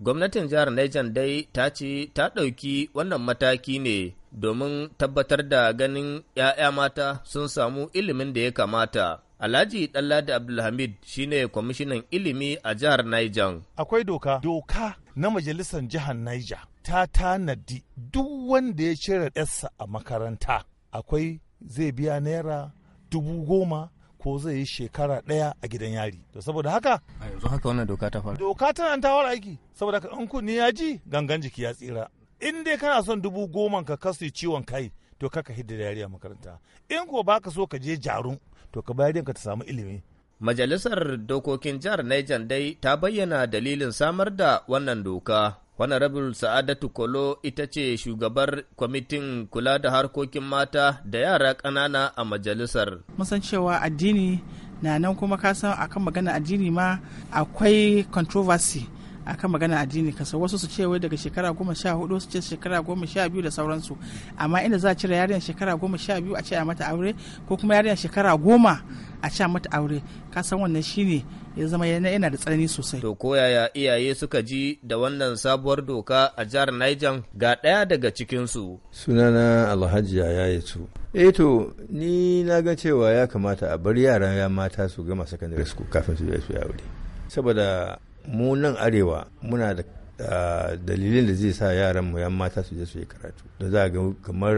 Gwamnatin jihar Niger dai ta ce ta ɗauki wannan mataki ne domin tabbatar da ganin ‘ya'ya mata sun samu ilimin da ya kamata. Alhaji Ɗanladi Abdulhamid shi ne kwamishinan ilimi a jihar Niger. Akwai doka, doka na majalisar jihar Niger ta tanadi duk wanda ya cire ɗarsa a makaranta akwai zai biya naira dubu goma ko zai yi shekara ɗaya a gidan yari to saboda haka a yanzu haka wannan doka ta fara doka tana ta fara aiki saboda haka in kunni ya ji gangan jiki ya tsira in dai kana son dubu goma ka kasu ciwon kai to kaka hidda yari a makaranta in ko baka so ka je jarun to ka bayar ka ta samu ilimi Majalisar Dokokin Jihar Niger dai ta bayyana dalilin samar da wannan doka. Honorable Sa'adatu Kolo ita ce shugabar kwamitin kula da harkokin mata da yara ƙanana a majalisar. Musan cewa addini na nan kuma kasan akan magana addini ma akwai controversy. akan magana addini kasa wasu su ce wai daga shekara goma sha hudu su ce shekara goma sha biyu da sauransu amma inda za a cire yarinyar shekara goma sha biyu a ce a mata aure ko kuma yarinyar shekara goma a ce a mata aure kasan wannan shine ya zama yana da tsanani sosai. To koyaya iyaye suka ji da wannan sabuwar doka a jihar Niger ga ɗaya daga cikinsu. Sunana Alhaji ya su. Eh to ni na ga cewa ya kamata a bar yara ya mata su gama secondary school kafin su yi su aure. Saboda mu nan arewa muna da ah, dalilin da zai sa yaran mu yan mata su je su yi karatu da za ga kamar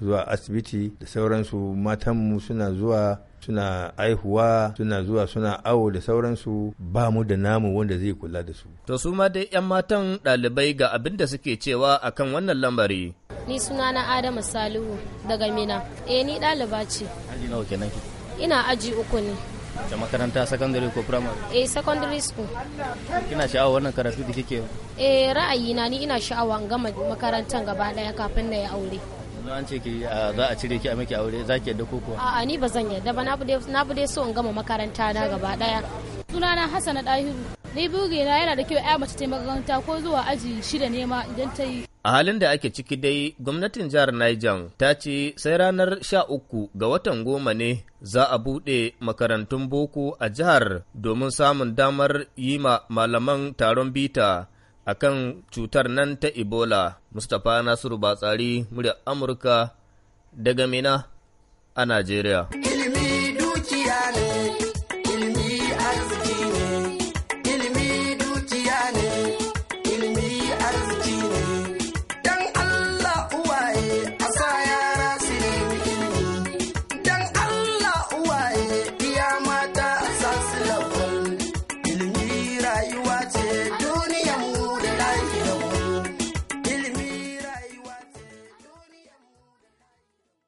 zuwa asibiti da sauransu matan mu suna zuwa suna aihuwa suna zuwa suna awo da sauransu ba mu da namu wanda zai kula da su. To su ma dai 'yan matan ɗalibai ga abin da suke cewa akan wannan lambari. Ni suna na Adamu Salihu daga Mina. Eh ni ɗaliba ce. Ina aji uku ne. da makaranta secondary ko primary eh secondary school kina sha'awa wannan karatu da kike eh ra'ayi na ni ina sha'awa in gama makarantar gaba daya kafin na ya aure an ce ki za a cire ki a miki aure za ki yadda ko kuwa a'a ni ba zan yadda ba na bude so in gama makaranta na gaba daya sunana hasana dahiru ni na yana da kyau ya mace ta makaranta ko zuwa aji shida ne ma idan ta yi a halin da ake ciki dai gwamnatin jihar Niger ta ce sai ranar sha uku ga watan goma ne za a buɗe makarantun boko a jihar domin samun damar yi ma malaman taron bita a kan cutar nan ta ebola mustapha nasiru batsari murya amurka daga mina a najeriya